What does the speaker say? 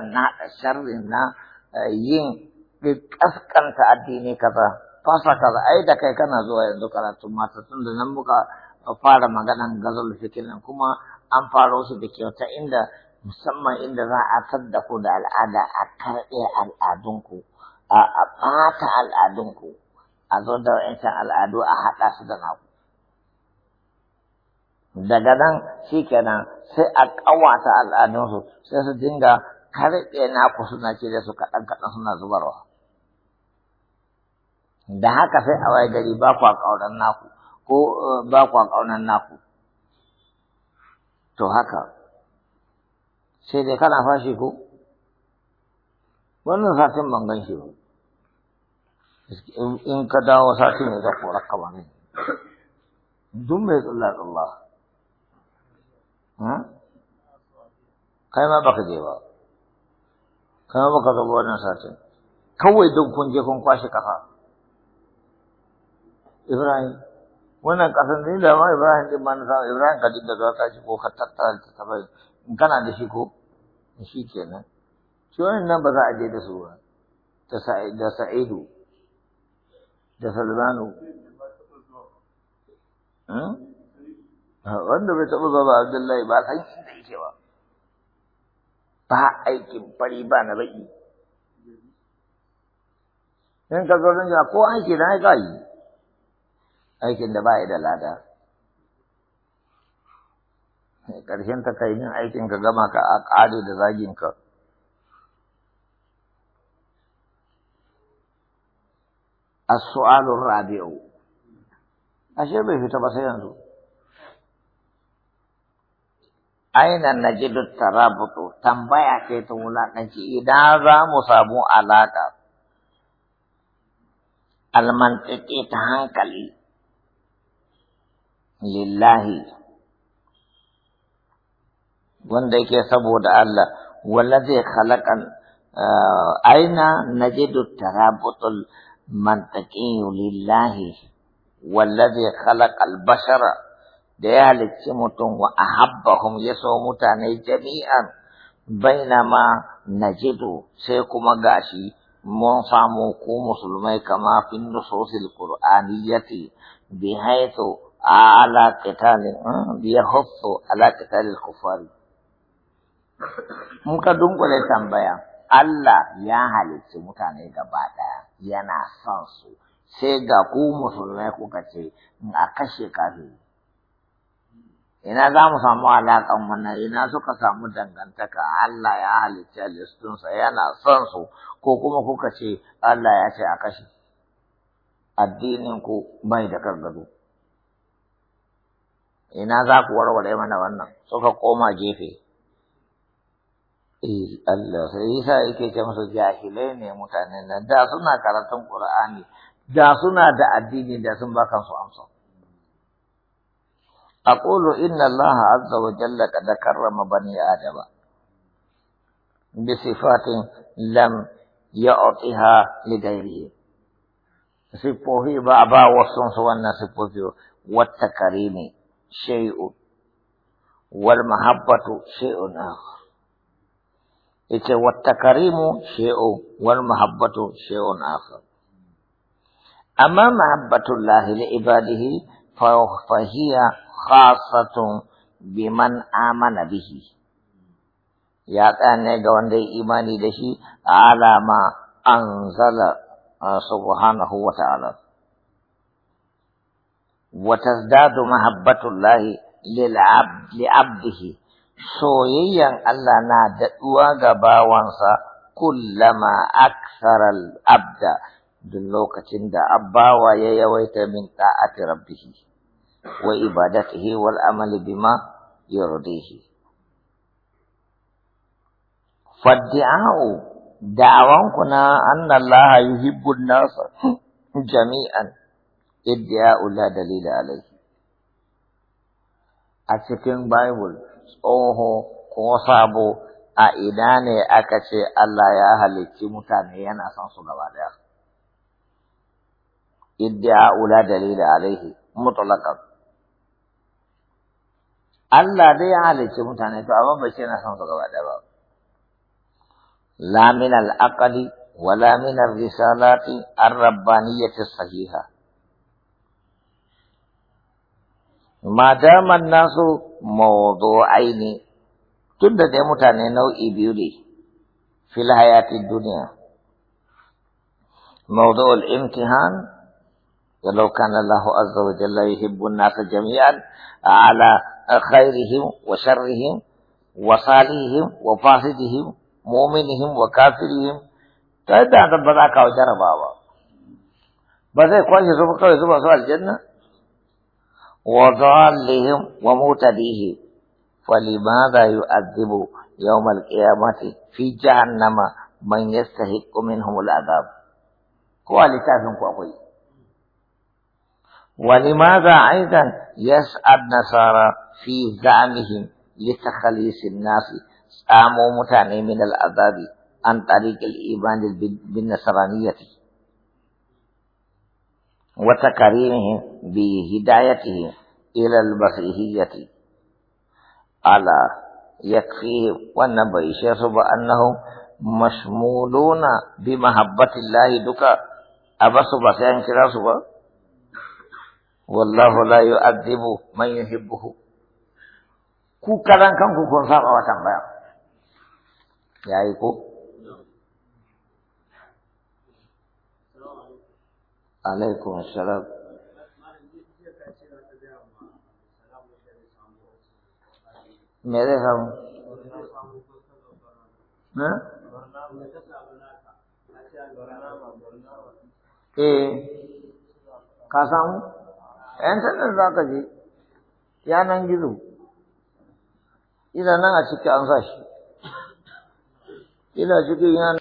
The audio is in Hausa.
naɗa sharrin na eh, yin ƙasƙanta addini kaza fasa kaza ai da kai kana zuwa yanzu karatu, mata tun da nan muka fara maganan gazal fikirin kuma an fara wasu da kyauta inda musamman inda za a tadda ku da al'ada a karɓe al'adunku a ɓata al'adunku a zo da wa'ancan al'adu a haɗa su da naku daga nan shi sai a ƙawata al'adunsu sai su dinga karɓe naku suna ce da su kaɗan kaɗan suna zubarwa. Da haka sai a waye gari ba kwa ƙaunar naku ko eh, ba kwa ƙaunar naku. To haka, sai dai kana fashi ko? Wannan satin ban gan shi ba. In ka dawo satin ne zai kora ka ba Dun mai tsalla tsalla. Hmm? Kai ma baka je ba. kama baka zo wannan satin kawai don kun je kun kwashe kafa Ibrahim wannan kasan ne da ma Ibrahim din man sa Ibrahim ka dinda za ka shi ko ka tattara ta tabai in kana da shi ko shi kenan shi wannan ba za a je da su ba da Sa'id da Sa'idu da Salmanu hmm? wanda bai taɓa zuwa ba Abdullahi ba san da yake ba ba aikin fari ba na baƙi. in ka zo don ko aiki na ka yi aikin da ba yi da lada eh, ƙarshen ta kai yin aikin ka gama ka a ƙare da zagin ka A su'alun rabi'u ashe bai fita ba sai yanzu aina na najidu tarabutu tambaya ce ta wulaƙanci idan za mu samu alaƙa almantsike ta hankali lillahi wanda yake saboda Allah wala zai aina najidu tarabutul mantaqiyu lillahi wallazi khalaqal bashara da ya halicci mutum wa ahabbahum ya so mutane jami'an bainama najidu sai kuma gashi mun samu ku musulmai kama fi nususil qur'aniyati bi haythu ala qitali hmm, bi haythu ala qitali al mun ka dunkule tambaya Allah ya halitta mutane gaba ɗaya yana son su sai ga ku musulmai kuka ce a kashe kafiri ina za mu samu alaƙan mana ina suka samu dangantaka Allah ya halitta listunsa yana son su ko kuma kuka ce Allah ya ce a kashe addinin ku bai da gargado ina za ku warware mana wannan suka koma gefe eh Allah sai yasa yake ce musu jahilai ne mutanen nan da suna karatun Qur'ani da suna da addini da sun baka su amsa أقول إن الله عز وجل قد كرم بني آدم بصفات لم يعطها لغيره سبوه بابا وصنص وانا والتكريم شيء والمحبة شيء آخر إذا والتكريم شيء والمحبة شيء آخر أما محبة الله لعباده فهي خاصة بمن آمن به يا تاني جوان دي إيماني دشي على ما أنزل سبحانه وتعالى وتزداد محبة الله للعبد لعبده سويا Allah نادت وغباوانسا كلما أكثر kullama duk lokacin da abbawa ya yawaita min ta'ati rabbih wa ibadatihi wal amali bima yurdihi faddi'a'u da'awan kuna anna Allah yuhibbun nas jami'an iddia'u la dalila alayhi a cikin bible tsoho ko sabo a ina ne aka ce Allah ya halicci mutane yana son su gaba daya ادعاء لا دليل عليه مطلقا الله دي عالي چه متعنى تو عمام بشينا سمت قبعد عباب لا من الأقل ولا من الرسالات الربانية الصحيحة ما دام الناس موضوعين تند دي متعنى نو ايبيولي في الحياة الدنيا موضوع الامتحان ولو كان الله عز وجل يحب الناس جميعا على خيرهم وشرهم وصالحهم وفاسدهم مؤمنهم وكافرهم تدا تبدا بذاك وجرى بابا بس كويس زبقة وزبقة سؤال الجنة وضالهم ومتديهم فلماذا يؤدب يوم القيامة في جهنم من يستحق منهم العذاب كوالي تافن كوالي ولماذا أيضا يسعى النصارى في زعمهم لتخليص الناس قاموا متعني من العذاب عن طريق الإيمان بالنصرانية وتكريمهم بهدايته إلى المسيحية على يكفيه والنبي شرب أنهم مشمولون بمحبة الله دكا ابا أبس كلا صبا wallahu la yu'adhibu man yuhibbuhu ku kalan kanku kun saba wa tambaya yayi ko alaikum assalam me zai samu na? eh ka samu? ‘yan sandan za ka je yanan gizo, idan nan a ciki an sa shi, ina cikin yanan